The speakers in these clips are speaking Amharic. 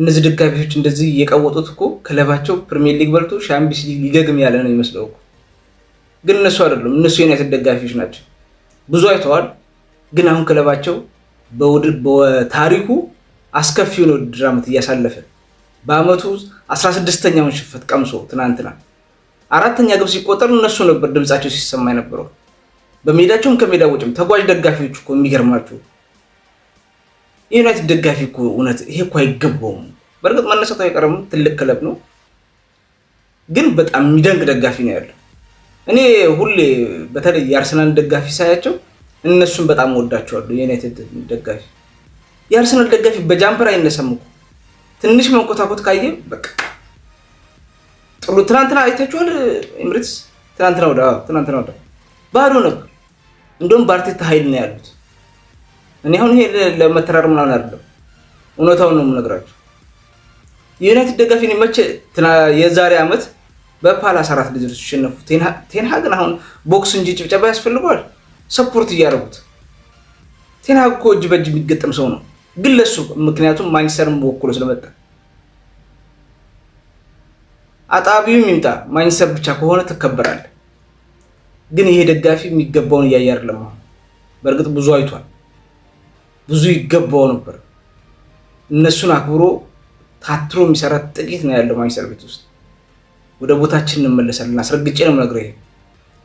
እነዚህ ደጋፊዎች እንደዚህ እየቀወጡት እኮ ክለባቸው ፕሪሚየር ሊግ በልቶ ሻምፒዮንስ ሊግ ሊገግም ያለ ነው ይመስለው እኮ። ግን እነሱ አይደሉም፣ እነሱ የዩናይትድ ደጋፊዎች ናቸው። ብዙ አይተዋል። ግን አሁን ክለባቸው በታሪኩ አስከፊውን የውድድር ዓመት እያሳለፈ በአመቱ 16ተኛውን ሽንፈት ቀምሶ ትናንትና አራተኛ ግብ ሲቆጠር እነሱ ነበር ድምፃቸው ሲሰማ የነበረው በሜዳቸውም ከሜዳ ውጭም ተጓዥ ደጋፊዎች እኮ የሚገርማችሁ የዩናይትድ ደጋፊ እኮ እውነት ይሄ እኮ አይገባውም። በእርግጥ መነሳቱ አይቀርም፣ ትልቅ ክለብ ነው። ግን በጣም የሚደንቅ ደጋፊ ነው ያለው። እኔ ሁሌ በተለይ የአርሰናል ደጋፊ ሳያቸው እነሱን በጣም ወዳቸዋሉ። የዩናይትድ ደጋፊ የአርሰናል ደጋፊ በጃምፐር አይነሳም እኮ ትንሽ መንኮታኮት ካየ በቃ ጥሩ። ትናንትና አይታችኋል፣ ኤምሬትስ ትናንትና ወዲያ ባዶ ነበር። እንደውም በአርቴታ ኃይል ነው ያሉት እኔ አሁን ይሄ ለመተራር ምናምን አይደለም፣ እውነታውን ነው የምነግራቸው። የዩናይትድ ደጋፊ መቼ የዛሬ ዓመት በፓላስ አራት ልጅ ሲሸነፉ ቴንሃግን አሁን ቦክስ እንጂ ጭብጨባ ያስፈልገዋል። ሰፖርት እያደረጉት ቴንሃግ እኮ እጅ በእጅ የሚገጠም ሰው ነው፣ ግን ለሱ ምክንያቱም ማንቸስተርን ወክሎ ስለመጣ አጣቢውም ይምጣ ማንቸስተር ብቻ ከሆነ ትከበራል። ግን ይሄ ደጋፊ የሚገባውን እያየ አይደለም። በእርግጥ ብዙ አይቷል። ብዙ ይገባው ነበር። እነሱን አክብሮ ታትሮ የሚሰራ ጥቂት ነው ያለው ማንችስተር ቤት ውስጥ። ወደ ቦታችን እንመለሳለን። አስረግጬ ነው የምነግርህ።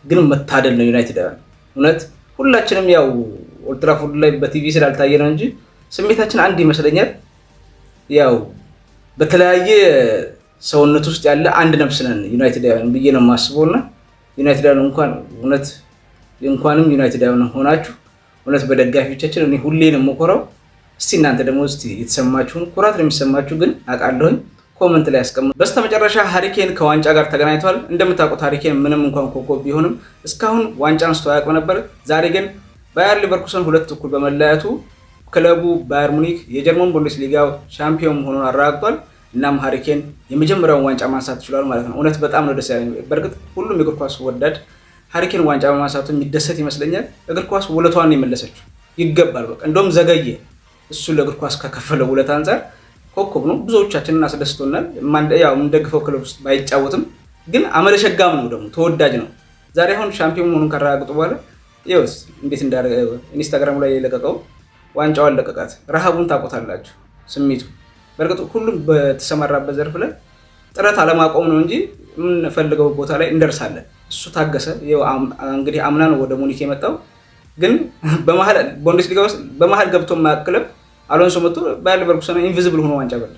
ግን መታደል ነው ዩናይትድ እውነት። ሁላችንም ያው ኦልትራፎርድ ላይ በቲቪ ስላልታየ ነው እንጂ ስሜታችን አንድ ይመስለኛል። ያው በተለያየ ሰውነት ውስጥ ያለ አንድ ነፍስ ነን ዩናይትድ ያን ብዬ ነው የማስበው እና ዩናይትድ ያን እንኳን እውነት እንኳንም ዩናይትድ ያን ሆናችሁ እውነት በደጋፊዎቻችን እኔ ሁሌ ነው የምኮረው። እስቲ እናንተ ደግሞ እስቲ የተሰማችሁን ኩራት ነው የሚሰማችሁ፣ ግን አውቃለሁኝ ኮመንት ላይ ያስቀምጡ። በስተመጨረሻ ሀሪኬን ከዋንጫ ጋር ተገናኝቷል። እንደምታውቁት ሀሪኬን ምንም እንኳን ኮከብ ቢሆንም እስካሁን ዋንጫ አንስቶ አያውቅም ነበር። ዛሬ ግን ባየር ሊቨርኩሰን ሁለት እኩል በመለያየቱ ክለቡ ባየር ሙኒክ የጀርመን ሊጋ ሻምፒዮን መሆኑን አረጋግጧል። እናም ሀሪኬን የመጀመሪያውን ዋንጫ ማንሳት ይችሏል ማለት ነው። እውነት በጣም ነው ደስ ያለኝ። በእርግጥ ሁሉም የእግር ኳስ ወዳድ ሀሪኬን ዋንጫ በማንሳቱ የሚደሰት ይመስለኛል። እግር ኳስ ውለቷን የመለሰችው ይገባል። በቃ እንደውም ዘገየ። እሱ ለእግር ኳስ ከከፈለው ውለት አንጻር ኮከብ ነው። ብዙዎቻችንን አስደስቶናል። የምንደግፈው ክለብ ውስጥ ባይጫወትም ግን አመለሸጋም ነው፣ ደግሞ ተወዳጅ ነው። ዛሬ አሁን ሻምፒዮን መሆኑን ከረጋግጡ በኋላ ይኸውስ እንዴት እንዳደረገ ኢንስታግራሙ ላይ የለቀቀው ዋንጫዋን ለቀቃት። ረሃቡን ታቆታላችሁ ስሜቱ። በእርግጥ ሁሉም በተሰማራበት ዘርፍ ላይ ጥረት አለማቆም ነው እንጂ የምንፈልገው ቦታ ላይ እንደርሳለን። እሱ ታገሰ። እንግዲህ አምና ነው ወደ ሙኒክ የመጣው። ግን በመሀል ቡንደስሊጋ ውስጥ በመሀል ገብቶ ማክለብ አሎንሶ መቶ ባየር ሌቨርኩሰን ኢንቪዚብል ሆኖ ዋንጫ በለ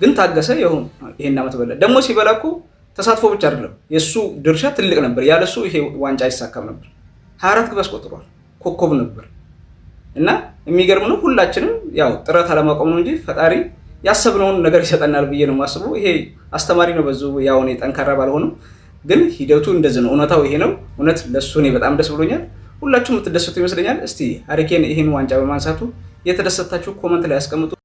ግን ታገሰ። ይሁን ይሄን ዓመት በለ ደግሞ ሲበላ እኮ ተሳትፎ ብቻ አይደለም፣ የእሱ ድርሻ ትልቅ ነበር። ያለሱ ይሄ ዋንጫ አይሳካም ነበር። ሀያ አራት ግብ አስቆጥሯል፣ ኮከብ ነበር። እና የሚገርም ነው። ሁላችንም ያው ጥረት አለማቆም ነው እንጂ ፈጣሪ ያሰብነውን ነገር ይሰጠናል ብዬ ነው የማስበው። ይሄ አስተማሪ ነው። በዙ ያው እኔ ጠንካራ ባልሆንም ግን ሂደቱ እንደዚህ ነው። እውነታው ይሄ ነው። እውነት ለሱ እኔ በጣም ደስ ብሎኛል። ሁላችሁም የምትደሰቱ ይመስለኛል። እስቲ አሪኬን ይህን ዋንጫ በማንሳቱ የተደሰታችሁ ኮመንት ላይ ያስቀምጡ።